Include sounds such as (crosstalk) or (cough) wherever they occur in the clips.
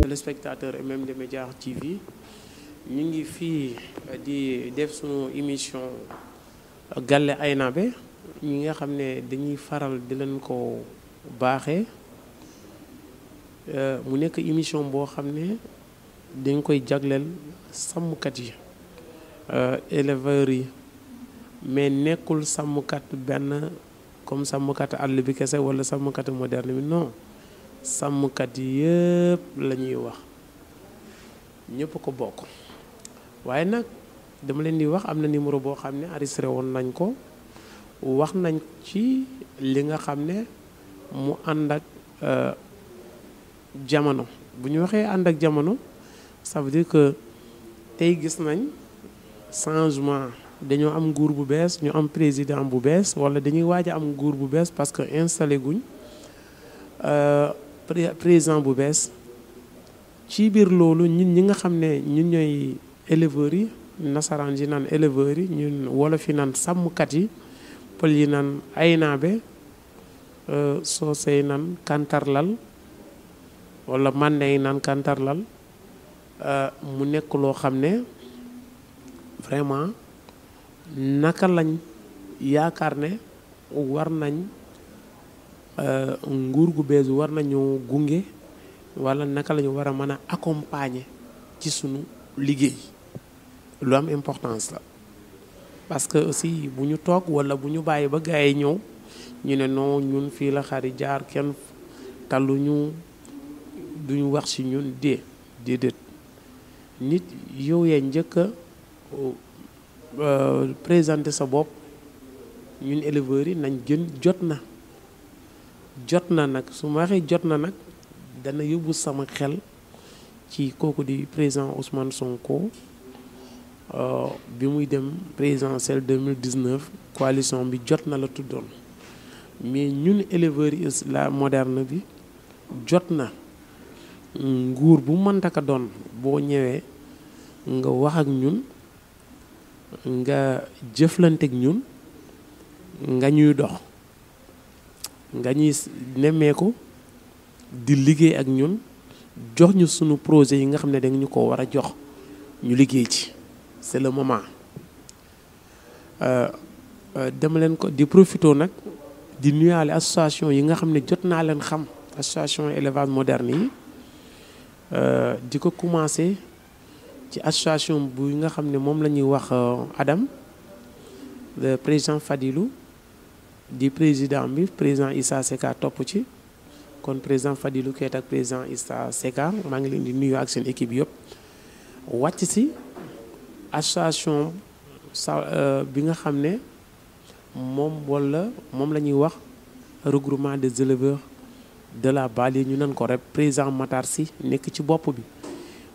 téléspectateurs et même de Média TV ñu ngi fii euh, di def sunu émission euh, Galle Aynabe ñi nga xam ne dañuy faral di leen ko baaxee euh, mu nekk émission boo xam ne dañ koy jagleel sàmmkat yi éleveurs yi mais nekkul sàmmkat benn comme sàmmkat alibi bi kesse wala sàmmkat moderne bi non sàmmkat yeb lañuy wax ñëpp ko bok waye nak dama leen di wax amna numéro bo xamné enregistré nañ ko wax nañ ci li nga xamné mu andak ak euh, jamono bu ñu waxee ànd ak jamono ça veut dire que tay gis nañ changement dañoo am nguur bu bees ñu am président bu bees wala dañuy waaj a am nguur bu bees parce que installé guñ euh, président bu bees ci biir loolu ñun ñi nga xam ne ñu ñooy éleveurs yi nasaraan yi naan éleveurs yi ñu wolof yi naan sàmmkat yi pël yi naan aynaabe euh, soose yi naan kantarlal wala mande yi naan kantarlal euh, mu nekk loo xam ne vraiment naka lañ yaakaar ne war nañ euh, nguur gu bees war nañu gunge wala naka lañu war a mën a accompagner ci sunu liggéey lu am importance la parce que aussi bu ñu toog wala bu ñu bàyyi ba gars yi ñëw ñu ne non ñun fii la xari jaar kenn ñu duñu wax ci ñun dee déedéet nit yow yaa njëkk Euh, présenter sa bopp ñun éleveurs yi nañ gën jot na jot na nag su ma waxee jot na nag dana yóbbu sama xel ci kooku di président Ousmane Sonko euh, bi muy dem présidentielle 2019 coalition bi jot na la tuddoon mais ñun éleveurs yi moderne bi jot na nguur bu mënta ka doon boo ñëwee nga wax ak ñun nga jëflanteeg ñun nga ñuy dox nga ñuy nemmeeku di liggéey ak ñun jox ñu sunu projet yi nga xam ne danga ñu ko war a jox ñu liggéey ci c'est le moment euh, euh, dama leen ko di profito nag di nuyaale association yi nga xam ne jot naa leen xam association élevage moderne yi euh, di ko commencé ci association bu nga xam ne moom la ñuy wax euh, Adam président fadilu di président bi président Issa Seka topp ci kon président fadilu Keita ak président Issa Seka maa ngi leen di nuyu ak seen équipe yëpp wàcc si association sa euh, bi nga xam ne moom wala moom la ñuy wax regroupement des éleveurs de la Balie ñu nan ko rek président Matar Sy nekk ci bopp bi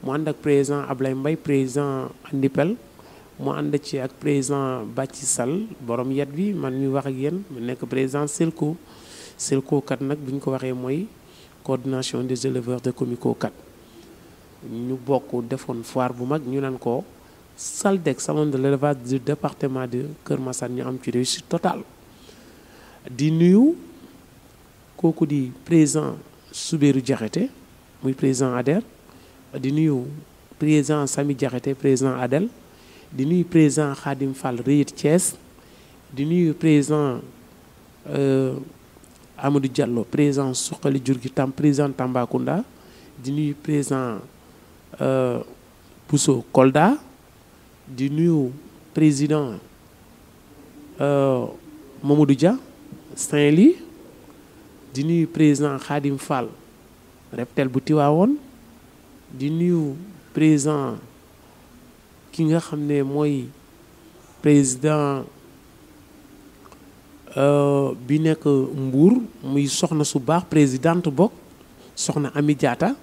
mu ànd ak président Ablaye Mbaye président Andipel mu ànd ci ak président borom yet bi man mi wax ak yéen président coordination des éleveurs de Comico kat ñu bokk defoon foire bu mag ñu de l'élevage du département de Kër Massane ñu am ci réussite totale di nuyu kooku di président président ADER di nuyu président Sami Diakhaté président Adel di nuyu président Khadim Fall Riyit Thiès di nuyu président euh, Amadou Diallo président Soukali Jur tam président Tambacounda di nuyu président euh, Bousso Kolda di nuyu président euh, Mamadou Dia Stanley, di nuyu président Khadim Fall reptel boutiwaon di nuyu président ki nga xam ne mooy président euh, bi nekk Mbour muy soxna su baax présidente bokk soxna Ami Diatta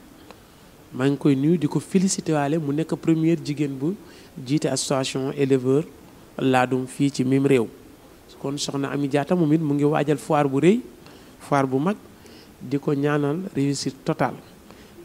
maa ngi koy nuyu di ko félicité waale mu nekk première jigéen bu jiite association éleveur laadum fii ci mim réew kon soxna Ami Diatta moom it mu ngi waajal foire bu rëy foire bu mag di ko ñaanal réussite total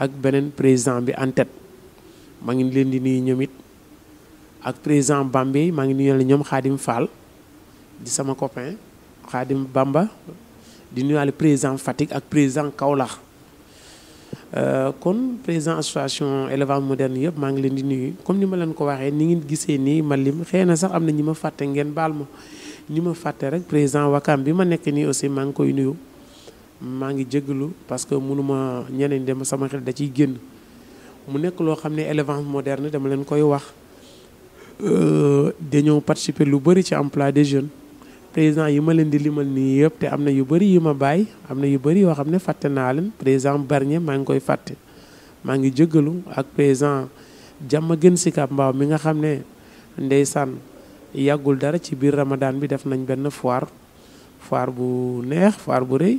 ak benen président bi en tête ma ngi leen di nuyu ñoom ak président Bambey ma ngi nuyu la ñoom Khadim Fall di sama copain Khadim Bamba di al président fatik, ak président euh kon président association élevage moderne yëpp ma ngi leen di nuyu comme ni ma leen ko waxee ni ngeen gisee ni ma lim sax am na ñi ma fàtte ngeen baal ma ñi ma fàtte rek président Wakam bi ma nekk nii aussi ma ngi koy nuyu. maa ngi jégalu parce que mënuma ñeneen dem sama xel da ciy génn mu nekk loo xam ne élevage moderne dama leen koy wax euh, dañoo participer lu bëri ci emploi des jeunes président yi ma leen di limal nii yëpp te am na yu bëri yi ma bàyyi am na yu bëri yoo xam ne fàtte naa leen président Barnier maa ngi koy fàtte maa ngi jégalu ak président jàmm gën si Mbaaw mi nga xam ne ndeysaan yàggul dara ci biir Ramadan bi def nañ benn foire foire bu neex foire bu rëy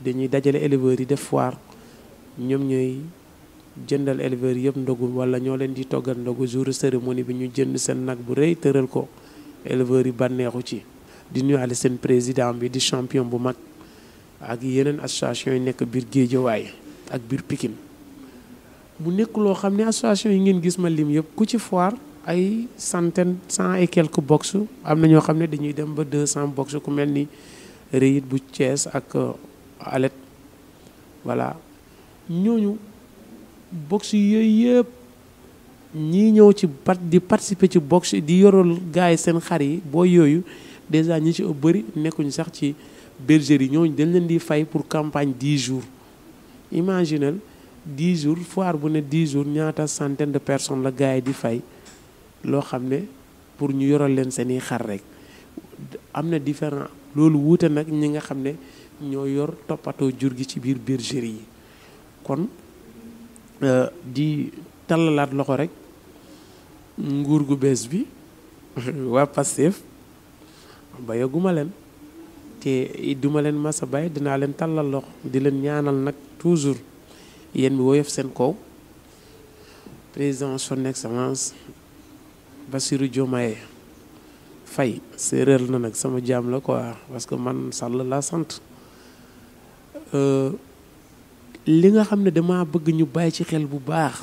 dañuy dajale éleveurs yi def foire ñoom ñooy jëndal éleveurs yëpp ndogu wala ñoo leen di toggal ndogu jour cérémonie bi ñu jënd seen nag bu rëy tëral ko éleveurs yi banneexu ci di nuyuwaale seen président bi di champion bu mag ak yeneen association yi nekk biir Géejawaay ak biir Pikine mu nekk loo xam ne association yi ngeen gis ma lim yëpp ku ci foire ay centaine cent et quelques box am na ñoo xam ne dañuy dem ba deux cent box ku mel ni it bu Thiès ak alet voilà ñooñu box yooyu yëpp ñi ñëw ci part di participer ci box di yorol gaay seen xar yi boo yooyu déjà ñi ci ëpp bëri nekkuñu sax ci bergerie ñooñu dañ leen di fay pour campagne 10 jours imaginel 10 jours foire bu ne 10 jours ñaata centaine de personnes la gaay di fay loo xam ne pour ñu yoral leen seeni xar rek am na différent loolu wuute nag ñi nga xam ne ñoo yor toppatoo jur gi ci biir bergerie yi kon euh, di tallalaat loxo rek nguur gu bees bi (laughs) waa Pastef bayaguma leen te duma leen masa bàyyi dinaa leen tàllal loxo di leen ñaanal nag toujours yéen bi woyof seen kaw président son excellence Bassirou Diomaye Faye séeréer la nag sama jaam la quoi parce que man Sall laa sant Euh, li nga xam ne dama bëgg ñu bàyyi ci xel bu baax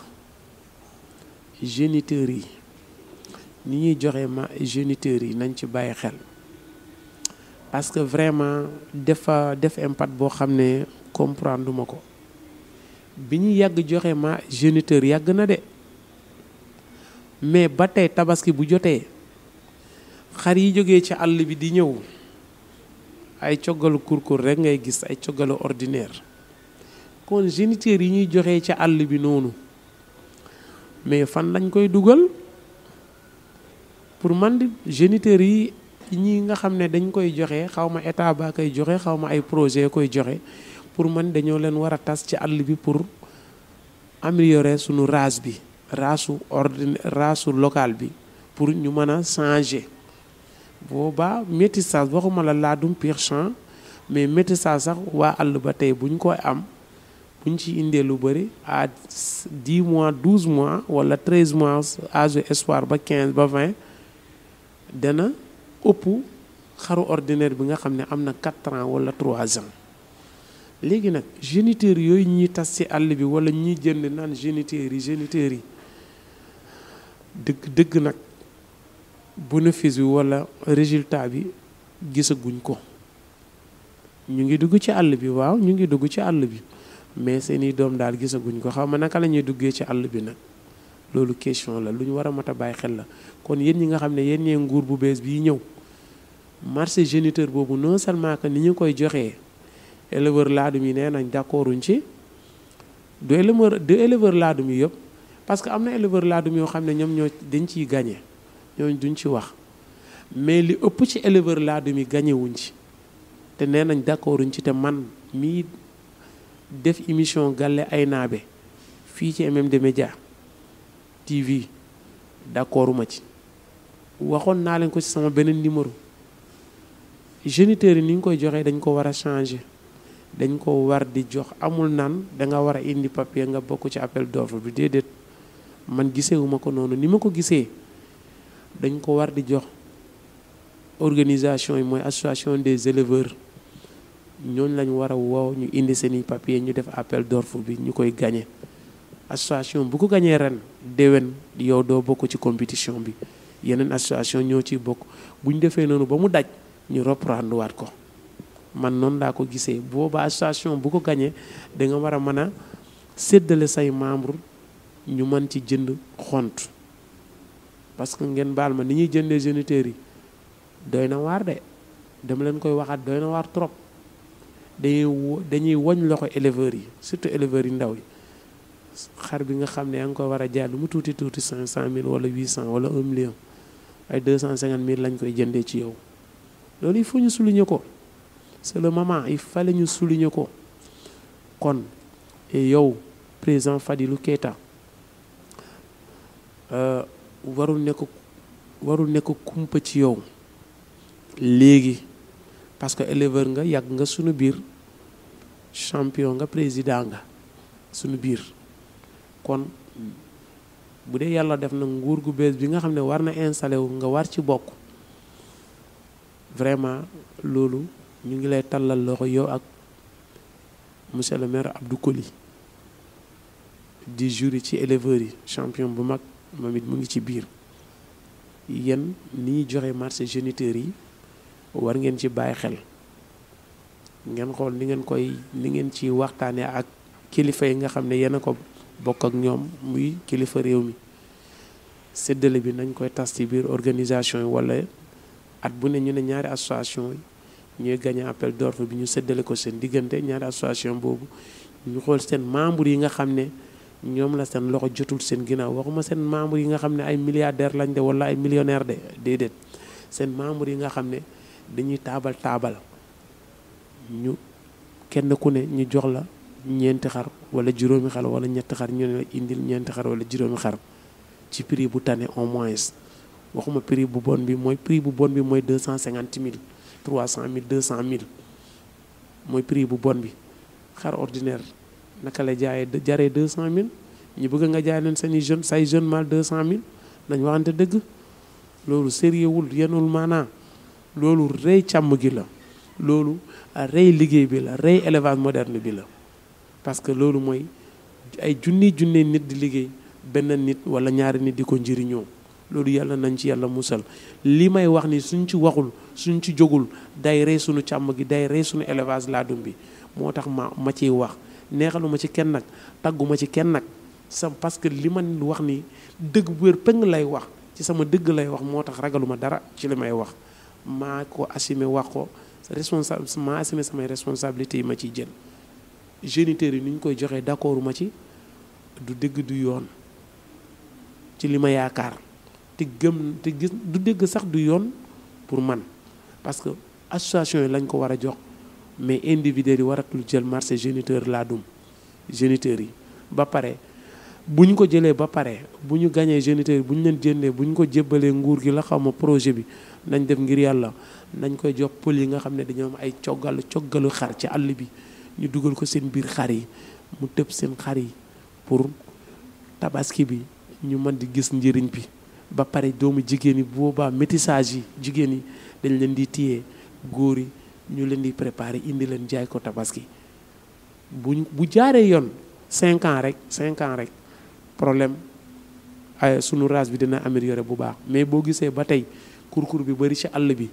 géniteurs yi ni ñuy joxe ma géniteurs yi nañ ci bàyyi xel parce que vraiment dafa def impact boo xam ne comprendre ko bi ñu yàgg joxe ma géniteur yàgg na de mais ba tey tabaski bu jotee xar yi jógee ci àll bi di ñëw ay rek ngay gis ay ordinaire kon géniteur yi ñuy joxe bi mais fan lañ koy dugal pour man di géniteur yi ñi nga xam dañ koy joxe xaw projet pour man dañoo leen war a ci pour améliorer race bi race local pour ñu mën boobaa métissage waxuma la dum pire champ mais métissage sax am Ils ci lu à 10 mois 12 mois wala 13 mois âge 15 20 dana opu xaru ordinaire bi nga 4 ans wala 3 ans légui nak géniteur yoy ñi ci bi wala jënd géniteur géniteur bénéfice wi walla résultat bi gisaguñ ko ñu ngi dugg ci àll bi waaw ñu ngi dugg ci àll bi mais seen seeni doom daal gisaguñ ko xaw ma naka la ñuy duggee ci àll bi nag loolu question la lu ñu war a mat a bàyyi xel la kon yéen ñi nga xam ne yéen ñee nguur bu bees bii ñëw marché géniteur boobu non seulement que ni ñu koy joxee éleveur laadum yi nee nañ d'accorduñ ci du éleveur du éleveur laadum yi yëpp parce que am na éleveur laadum yoo xam ne ñoom ñoo dañ ciy gagné. ñooñu duñ ci wax mais li ëpp ci éleveur laadum yi gagné ci te nee nañ d'accord wuñ ci te man mii def émission Galle Aynabe fii ci MMD Média TV d'accordu ma ci waxoon naa leen ko ci sama beneen numéro géniteur yi ni koy joxee dañ ko war a changer dañ ko war di jox amul naan danga nga war a indi papier nga bokk ci appel d'offre bi déedéet man gisewuma ko noonu ni ma ko gisee dañ ko war di jox organisation yi mooy association des éleveurs ñooñu lañ war a woow ñu indi seeni papier ñu def appel d'offre bi ñu koy gagné association bu ko gañee ren déwén yow doo bokk ci compétition bi yeneen association ñoo ciy bokk bu ñu defee noonu ba mu daj ñu reprendre waat ko man noonu laa ko gisee booba association bu ko gañee danga nga war a mën a séddale say membre ñu mën ci jënd xont parce que ngeen baal ma ni ñuy jëndee géniteurs yi doy na waar de dama leen koy waxaat doy na waar trop dañuy dañuy woñ loxo éleveurs yi surtout éleveurs yi ndaw yi xar bi nga xam ne yaa ngi ko war a jaay lu mu tuuti tuuti cinq cent mille wala huit cent wala un million ay deux cent cinquante mille lañ koy jëndee ci yow loolu il faut ñu ko c'est le moment il fallait ñu souligner ko kon yow président Fadilou Keita euh, warul nekk warul nekk kumpa ci yow léegi parce que éleveur nga yàgg nga sunu biir champion nga président nga sunu biir kon bu dee yàlla def na nguur gu bees bi nga xam ne war na installé wu nga war ci bokk vraiment loolu ñu ngi lay tàllal loxo yow ak monsieur le maire Abdou Koli di jury ci éleveurs yi champion bu mag moom it mu ngi ci biir yéen ni ñuy joxe marché géniteur yi war ngeen ci bàyyi xel ngeen xool ni ngeen koy ni ngeen ci waxtaane ak kilifa yi nga xam ne yéen ko bokk ak ñoom muy kilifa réew mi séddale bi nañ koy tas ci biir organisation yi wala at bu ne ñu ne ñaari association yi ñuy gagné appel d'offre bi ñu séddale ko seen diggante ñaari association boobu ñu xool seen membre yi nga xam ne ñoom la seen loxo jotul seen ginnaaw waxuma seen membre yi nga xam ne ay milliardaire lañ de wala ay millionnaire de déedéet seen membre yi nga xam ne dañuy taabal taabal ñu kenn ku ne ñu jox la ñeenti xar wala juróomi xar wala ñetti xar ñu ne la indil ñeenti xar wala juróomi xar ci prix bu tane au moins waxuma prix bu bon bi mooy prix bu bon bi mooy deux cent cinquante mille trois cent mille deux cent mille mooy prix bu bon bi xar ordinaire naka la jaayee jare deux cent mille ñu bëgg nga jaay leen seeni jeune say jeune mal deux cent mille nañ waxante dëgg loolu sérieuxwul yenul maanaa loolu rey càmm gi la loolu rey liggéey bi la rey élevage moderne bi la parce que loolu mooy ay junni junne nit di liggéey benn nit wala ñaari nit di ko njëriñoo loolu yàlla nañ ci yàlla musal li may wax ni suñ ci waxul suñ ci jógul day rey suñu càmm gi day rey suñu élevage laadum bi moo tax ma ma ciy wax neexaluma ci kenn nag tagguma ci kenn nag sam parce que li ma wax ni dëgg bu wér pëng lay wax ci sama dëgg lay wax moo tax ragaluma dara ci li may wax maa ko assumé wax ko responsa maa assumé samay responsabilités yi ma ciy jën géniteurs yi ni ñu koy joxee d'accordu ma ci du dégg du yoon ci li ma yaakaar te gëm te gis du dëgg sax du yoon pour man parce que association yi lañ ko war a jox mais individuels yi waratul jël marché géniteur laadum géniteurs yi ba pare bu ñu ko jëlee ba pare bu ñu gañee géniteurs yi bu ñu leen jëndee bu ñu ko jébbalee nguur gi la xawma projet bi nañ def ngir yàlla nañ koy jox pël yi nga xam ne dañoo am ay coggalu coggalu xar ci àll bi ñu dugal ko seen biir xar yi mu tëb seen xar yi pour tabaski bi ñu mën di gis njëriñ bi ba pare doomu jigéen yi boobaa métissage yi jigéen yi dañ leen di téye góor yi ñu leen di préparer indi leen jaay ko tabaski bu bu jaaree yoon 5 ans rek 5 ans rek problème ay sunu race bi dina améliorer bu baax mais bo gisee ba tey kurkur bi bari ci all bi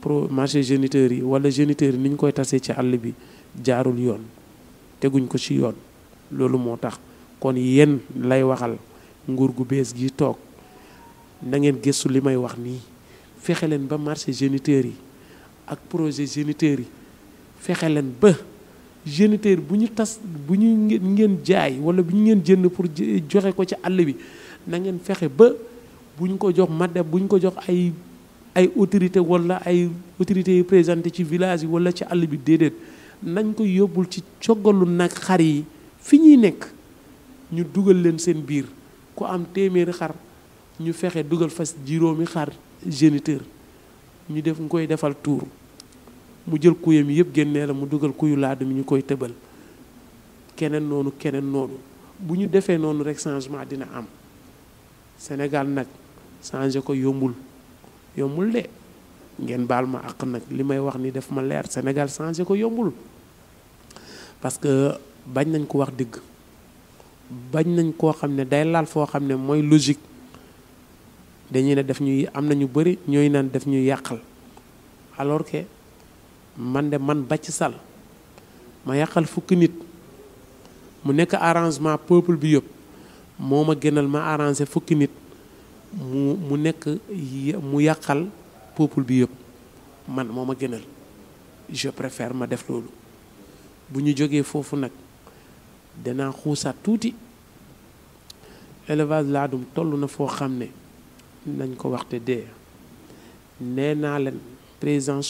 pro marché géniteur yi wala géniteur niñ koy tassé ci all bi jaarul yoon teguñ ko ci yoon loolu moo tax kon yen lay waxal nguur gu bees gi toog na ngeen gëstu li may wax nii fexe ba marché géniteur yi ak projet géniteur yi fexe leen ba géniteur bu ñu tas bu ñu ngeen jaay wala bu ñu ngeen jënd pour joxe ko ci àll bi nangeen ngeen fexe ba bu ñu ko jox madame bu ñu ko jox ay ay autorité wala ay autorités yu présenté ci village yi wala ci àll bi déedéet nañ ko yóbbul ci coggalu nag xar yi fi ñuy nekk ñu dugal leen seen biir ku am téeméeri xar ñu fexe dugal fas juróomi xar géniteur ñu def ñu koy defal tuur mu jël kuyam yëpp génnee la mu dugal kuyu laad mi ñu koy tëbal keneen noonu keneen noonu bu ñu defee noonu rek changement dina am Sénégal nag changé ko yombul yombul de ngeen baal ma àq nag li may wax ni def ma leer Sénégal changé ko yombul parce que bañ nañ ko wax dëgg bañ nañ koo xam ne day laal foo xam ne mooy logique dañuy ne ñuy am na ñu bëri ñooy naan def ñuy yàqal alors que man de man Bathie sal ma yàqal fukki nit mu nekk arrangement peuple bi yëpp moo ma gënal ma arrangé fukki nit mu mu nekk mu yàqal peuple bi yëpp man moo ma gënal je préfère ma def loolu bu ñu jógee foofu nag danaa xuusaat tuuti élevage laadum toll na foo xam ne nañ ko wax dee nee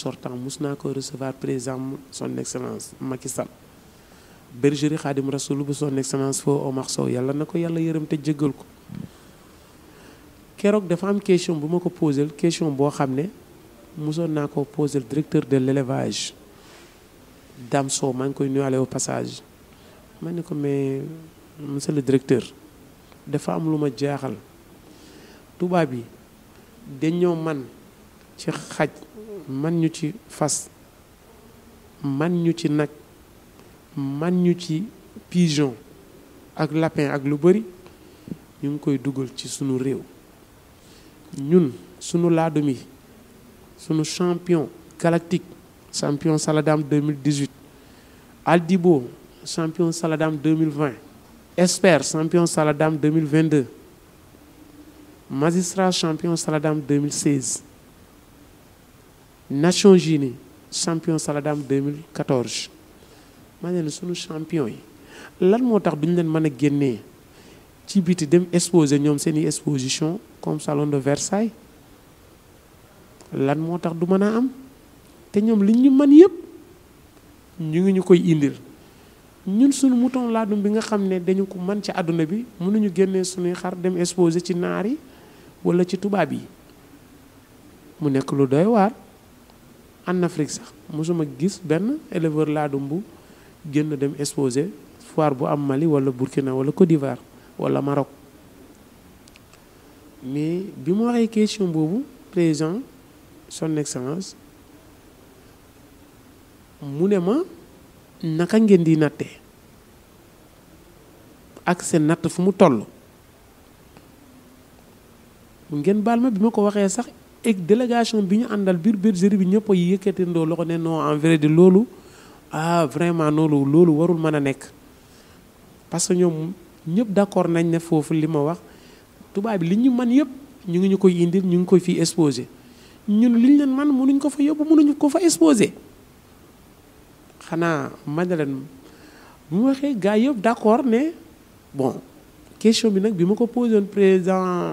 sortant mus naa ko recevoir président son excellence Macky Sall bergerie Xaadim Rasul bu son excellence foo Omar Sow yàlla na ko yàlla yërëm te ko keroog dafa am question bu ma ko la question boo xam ne mosoon naa directeur de l'élevage Dame Sow maa koy au passage ma ko mais monsieur le directeur dafa am lu Toubabi, yi dañoo man ci xaj man ñu ci fas man ñu ci man ñu ci pigeon ak lapin ak lu bëri ñu ngi koy dugal ci ñun champion galactique champion Saladam 2018 Aldibo champion Saladam 2020 Esper champion Saladam 2022 magistrat champion Saladam 2016 Nation Unies champion Saladam 2014 maa ne sunu champion lan moo tax duñ leen mën a ci biti dem exposer ñom seen exposition comme salon de Versailles lan moo tax du mën am té ñom liñ ñu mën yëpp ñu ngi ñukoy koy indil ñun suñu mouton laadum bi nga xamné dañu ko man ci aduna bi ñu xar dem exposer ci wala ci tubaab yi mu nekk lu doy waar en Afrique sax musuma gis benn éleveur laadum bu génn dem exposé foire bu am Mali wala Burkina wala Côte d'Ivoire wala Maroc mais bi mu waxee question boobu président son excellence mu ne ma naka ngeen di nattee ak seen natt fu mu toll ngeen baal ma bi ma ko waxee sax ek délégation bi ñu àndal biir biir bi ñëpp yi yëkkatindoo loxo ne non en vrai de loolu ah vraiment loolu loolu warul mën a nekk parce que ñoom ñëpp d'accord nañ ne foofu li ma wax tubaab bi li ñu man yëpp ñu ngi ñu koy indil ñu ngi koy fi exposé ñun li ñu leen man mënuñ ko fa yóbbu mënuñu ko fa exposé xanaa ma ne leen bu ma waxee gars yëpp d'accord ne bon question bi nag bi ma ko posé woon président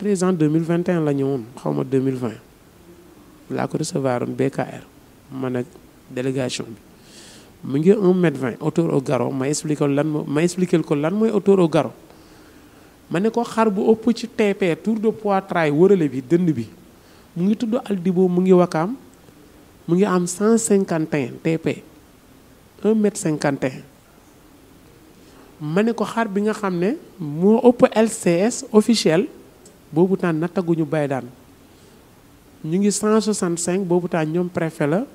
en 2021 la ñëwoon 2020 la ko recevoir BKR man ak délégation bi mu ngi 1m20 autour au garrot ma expliquer lan ma expliqué ko lan moy autour au garrot Je ko xar bu ëpp ci TP tour de poitrail wërale bi dënd bi mu ngi tudd Aldibo mu ngi wakam mu ngi am 151 TP 1 m 51 Je ko xar bi nga xamné mo LCS officiel boobu taan nattaguñu bay daan ñu ngi 165 boobu taan ñoom préfet la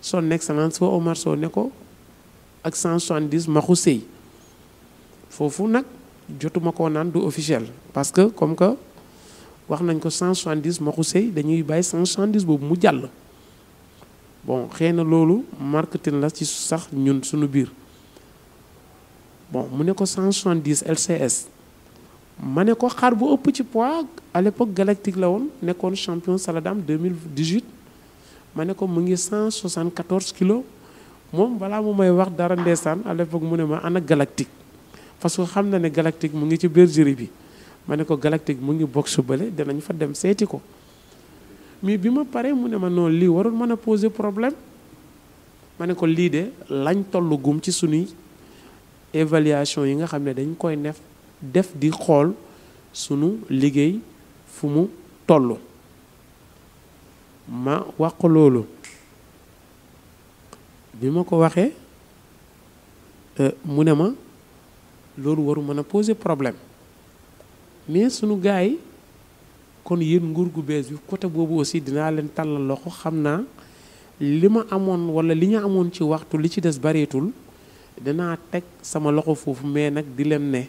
son excellence Omar Sow ne ko ak 170 maxu sëy foofu nag jotuma koo naan du officiel parce que comme que wax nañ ko 170 maxu sëy dañuy bay 170 boobu mu jàll bon xëy na loolu marketing la ci sax ñun suñu biir bon mu ne 170 LCS mané ko xar bu ëpp ci poids à l'époque galactique la woon nekkoon champion saladam 2018 mané ko mu ngi 174 kilos moom balaa mu may wax dara ndeesaan à l'époque mu ne ma ana galactique parce que xam na ne galactique mu ngi ci bergerie bi ma ne ko galactique mu ngi boxe bële danañ fa dem seeti ko mais bi ma paree mu ne ma noonu lii warul mën a poser problème ma ne ko lii de lañ toll gum ci sunuy évaluation yi nga xam ne dañ koy nef def di xool sunu liggéey fu mu toll ma wax loolu bi ma ko waxee euh, mu ne ma loolu waru mën a poser problème mais sunu gars yi kon yéen nguur gu bees bi côté boobu aussi dinaa leen tàllal loxo xam naa li ma amoon wala li ñu amoon ci waxtu li ci des bareetul danaa teg sama loxo foofu mais nag di leen ne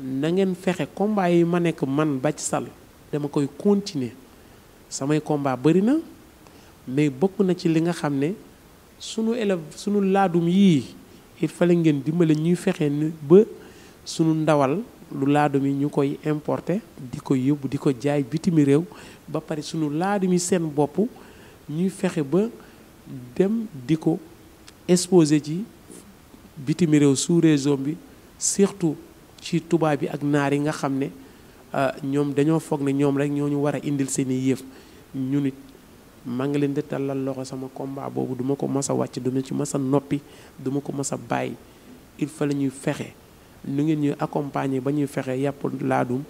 na ngeen fexe combat yi ma nekk man Bathie sal dama koy continuer samay combat bëri na mais bokk na ci li nga xam ne sunu élève sunu laadum yii il fallait ngeen dimbale ñuy fexe ni ba sunu ndawal lu laadum yi ñu koy importer di ko yóbbu di ko jaay bitimi réew ba pare sunu laadum yi seen bopp ñuy fexe ba dem di ko exposer ci bitimi réew sous région bi surtout ci tubaab bi ak naar yi nga xam ne euh, ñoom dañoo foog ne ñoom rek ñoo ñu war a indil seen i yëf ñu nit maa ngi leen di tàllal loxo sama combat boobu duma ko mës a wàcc duma ci mës a noppi duma ko mës a bàyyi il fa la ñuy fexe nu ngeen ñuy accompagner ba ñuy fexe yàpp laadum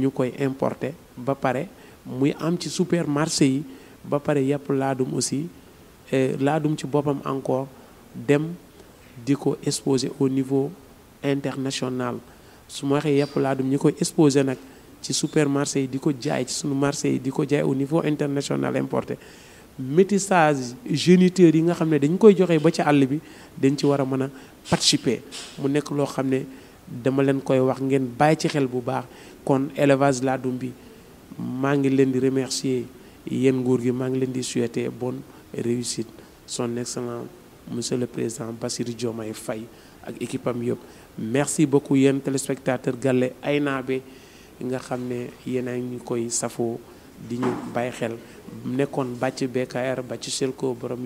ñu koy importer ba pare muy am ci supermarché yi ba pare yàpp laadum aussi laadum ci boppam encore dem di ko exposer au niveau international su ma waxee yàpp laadum ñi koy exposé nag ci supermarché yi di ko jaay ci sunu marché yi di ko jaay au niveau international importé métissage géniteurs yi nga xam ne dañ koy joxe ba ci àll bi dañ ci war a mën a participer mu nekk loo xam ne dama leen koy wax ngeen bàyyi ci xel bu baax kon élevage laadum bi maa ngi leen di remercier yéen nguur gi maa ngi leen di souhaiter bonne réussite son excellent monsieur le président Bassir Diomaye Faye ak équipe am yëpp merci beaucoup yéen téléspectateurs, Galle safo nga xam ne yéen a di ñu BKR selko, borom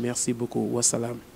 merci beaucoup wasalaam